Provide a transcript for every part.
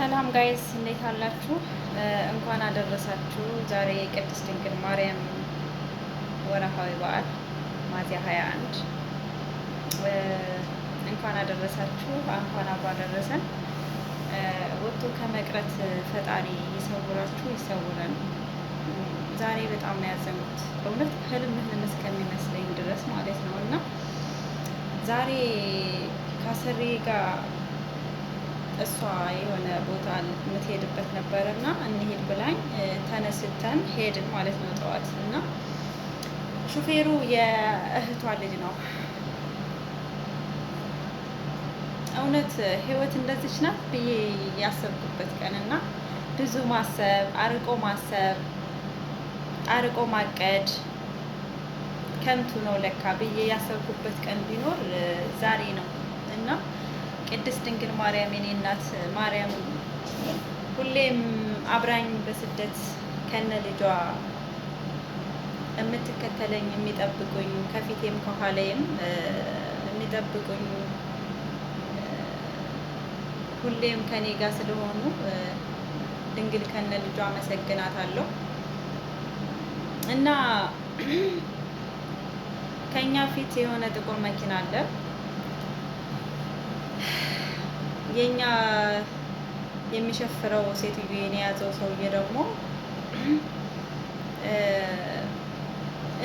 ሰላም ጋይስ እንዴት አላችሁ? እንኳን አደረሳችሁ። ዛሬ የቅድስት ድንግል ማርያም ወርሃዊ በዓል ሚያዝያ 21 እንኳን አደረሳችሁ፣ እንኳን አብሮ አደረሰን። ወጥቶ ከመቅረት ፈጣሪ ይሰውራችሁ፣ ይሰውረን። ዛሬ በጣም ነው ያዘንኩት፣ በእውነት ህልም ህልም እስከሚመስለኝ ድረስ ማለት ነው እና ዛሬ ከስሪ ጋር እሷ የሆነ ቦታ የምትሄድበት ነበር እና እንሄድ ብላኝ ተነስተን ሄድን ማለት ነው ጠዋት። እና ሹፌሩ የእህቷ ልጅ ነው። እውነት ህይወት እንደዚች ናት ብዬ ያሰብኩበት ቀን እና ብዙ ማሰብ፣ አርቆ ማሰብ፣ አርቆ ማቀድ ከንቱ ነው ለካ ብዬ ያሰብኩበት ቀን ቢኖር ዛሬ ነው እና ቅድስት ድንግል ማርያም የኔ እናት ማርያም ሁሌም አብራኝ በስደት ከነ ልጇ የምትከተለኝ የሚጠብቁኝ ከፊቴም ከኋላዬም የሚጠብቁኝ ሁሌም ከኔ ጋር ስለሆኑ ድንግል ከነ ልጇ አመሰግናታለሁ እና ከኛ ፊት የሆነ ጥቁር መኪና አለ። የኛ የሚሸፍረው ን የያዘው ሰውዬ ደግሞ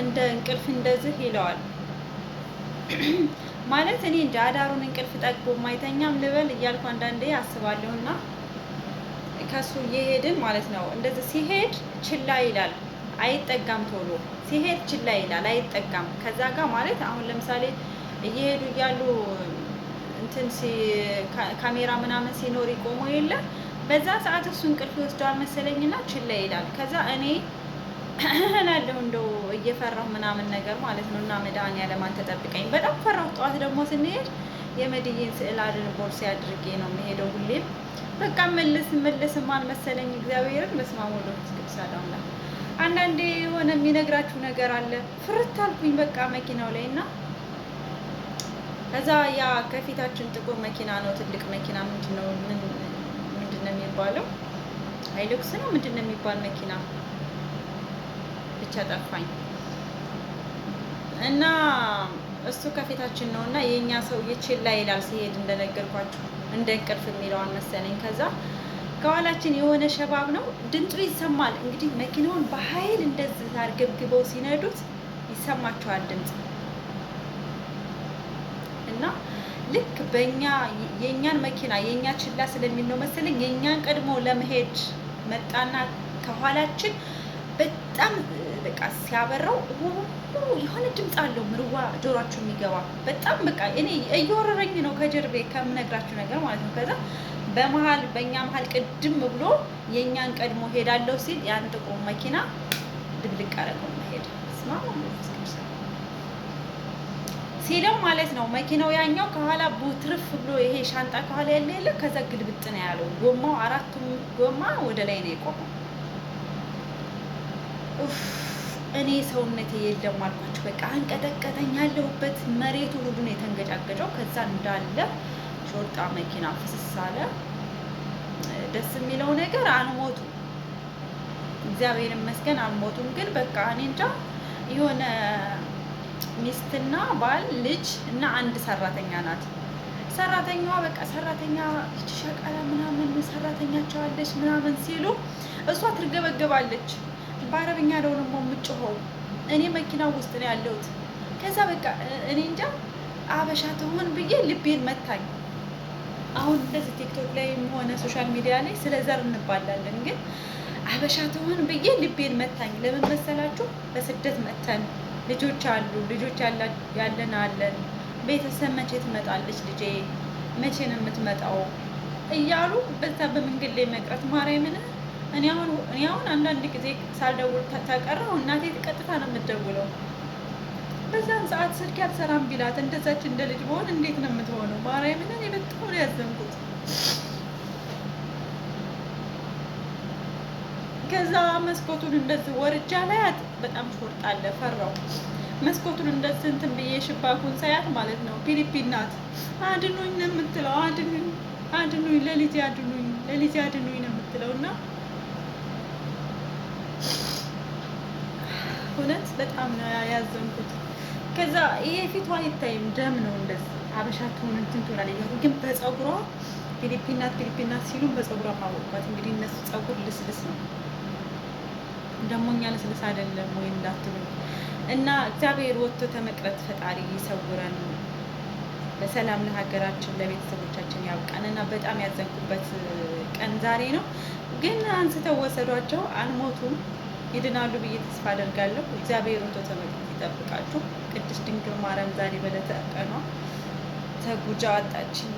እንደ እንቅልፍ እንደዚህ ይለዋል። ማለት እኔ እንደ አዳሩን እንቅልፍ ጠግቦ ማይተኛም ልበል እያልኩ አንዳንዴ አስባለሁ። እና ከሱ እየሄድን ማለት ነው። እንደዚህ ሲሄድ ችላ ይላል፣ አይጠጋም። ቶሎ ሲሄድ ችላ ይላል፣ አይጠጋም። ከዛ ጋር ማለት አሁን ለምሳሌ እየሄዱ እያሉ እንትን ካሜራ ምናምን ሲኖር ይቆመው የለ በዛ ሰዓት እሱ እንቅልፍ ይወስደዋል መሰለኝና ችላ ይሄዳል። ከዛ እኔ እላለሁ እንደው እየፈራሁ ምናምን ነገር ማለት ነው። እና መድኃኒዓለም አንተ ጠብቀኝ በጣም ፈራሁ። ጠዋት ደግሞ ስንሄድ የመድዬን ስዕል አድን ቦርሴ አድርጌ ነው የምሄደው ሁሌም በቃ መልስ መልስ ማን መሰለኝ እግዚአብሔርን መስማሙ ወደ አንዳንዴ የሆነ የሚነግራችሁ ነገር አለ። ፍርት አልኩኝ በቃ መኪናው ላይ እና ከዛ ያ ከፊታችን ጥቁር መኪና ነው፣ ትልቅ መኪና ምንድነው ነው የሚባለው? ሃይሉክስ ነው ምንድነው የሚባል መኪና ብቻ ጠፋኝ። እና እሱ ከፊታችን ነው እና የእኛ ሰውዬ ችላ ይላል ሲሄድ፣ እንደነገርኳችሁ እንደ እንቅልፍ የሚለዋን መሰለኝ። ከዛ ከኋላችን የሆነ ሸባብ ነው ድምፁ ይሰማል። እንግዲህ መኪናውን በኃይል እንደዚህ አርገብግበው ሲነዱት ይሰማቸዋል ድምፅ እና ልክ በእኛ የእኛን መኪና የእኛ ችላ ስለሚነው መሰለኝ የእኛን ቀድሞ ለመሄድ መጣና ከኋላችን በጣም በቃ ሲያበራው የሆነ ድምፅ አለው ምርዋ ጆሯችሁ የሚገባ በጣም በቃ እኔ እየወረረኝ ነው ከጀርቤ ከምነግራችሁ ነገር ማለት ነው። ከዛ በመሀል በእኛ መሀል ቅድም ብሎ የእኛን ቀድሞ ሄዳለሁ ሲል ያን ጥቁር መኪና ድብልቅ አደረገው መሄድ ስማ ሲለው ማለት ነው መኪናው ያኛው ከኋላ ቡትርፍ ብሎ ይሄ ሻንጣ ከኋላ ያለ የለ ከዛ ግልብጥ ነው ያለው። ጎማው አራቱም ጎማ ወደ ላይ ነው የቆመው። እኔ ሰውነቴ የለም አልኳቸው። በቃ አንቀጠቀጠኝ። ያለሁበት መሬቱ ሁሉ ነው የተንገጫገጨው። ከዛ እንዳለ ሾርጣ መኪና ፍስስ አለ። ደስ የሚለው ነገር አልሞቱ፣ እግዚአብሔር ይመስገን አልሞቱም። ግን በቃ እኔ እንጃ የሆነ ሚስትና ባል፣ ልጅ እና አንድ ሰራተኛ ናት። ሰራተኛዋ በቃ ሰራተኛ ልጅ ሸቀላ ምናምን ሰራተኛቸዋለች ምናምን ሲሉ እሷ ትርገበገባለች። በአረብኛ ነው ደግሞ የምጮኸው። እኔ መኪና ውስጥ ነው ያለሁት። ከዛ በቃ እኔ እንጃ አበሻ ትሆን ብዬ ልቤን መታኝ። አሁን እንደዚህ ቲክቶክ ላይ ሆነ ሶሻል ሚዲያ ላይ ስለ ዘር እንባላለን፣ ግን አበሻ ትሆን ብዬ ልቤን መታኝ። ለምን መሰላችሁ? በስደት መተን ልጆች አሉ፣ ልጆች ያለን አለን፣ ቤተሰብ መቼ ትመጣለች ልጄ፣ መቼ ነው የምትመጣው እያሉ በዛ በመንገድ ላይ መቅረት ማርያምን። እኔ አሁን አንዳንድ ጊዜ ሳልደውል ተቀረው እናቴ ቀጥታ ነው የምትደውለው። በዛን ሰዓት ስልክ ያልሰራም ቢላት እንደዛች እንደ ልጅ በሆን እንዴት ነው የምትሆነው? ማርያምን እኔ በጣም ያዘንኩት። ከዛ መስኮቱን እንደዚህ ወርጃ ላያት በጣም አለ ፈራው። መስኮቱን እንደዚህ እንትን ብዬ ሽባኩን ሳያት ማለት ነው ፊሊፒን ናት። አድኑኝ ነው የምትለው። አድኑኝ፣ አድኑኝ፣ ሌሊት አድኑኝ፣ ሌሊት አድኑኝ ነው የምትለው። እና እውነት በጣም ነው ያዘንኩት። ከዛ ይሄ ፊቷ አይታይም ደም ነው እንደዚህ አበሻ ትሆን ትሆናል ትሆናለች። ግን በፀጉሯ ፊሊፒናት ፊሊፒናት ሲሉ በፀጉሯ ማወቅኳት። እንግዲህ እነሱ ፀጉር ልስልስ ነው ደግሞ እኛ ለስልሳ አይደለም ወይ እንዳትሉ እና እግዚአብሔር ወጥቶ ተመቅረት ፈጣሪ ይሰውረን። በሰላም ለሀገራችን ለቤተሰቦቻችን ያውቃን እና በጣም ያዘንኩበት ቀን ዛሬ ነው። ግን አንስተው ወሰዷቸው፣ አልሞቱም፣ ይድናሉ ብዬ ተስፋ አደርጋለሁ። እግዚአብሔር ወጥቶ ተመቅረት ይጠብቃችሁ። ቅድስት ድንግል ማርያም ዛሬ በለተቀኗ ተጉጃ አጣችኝ።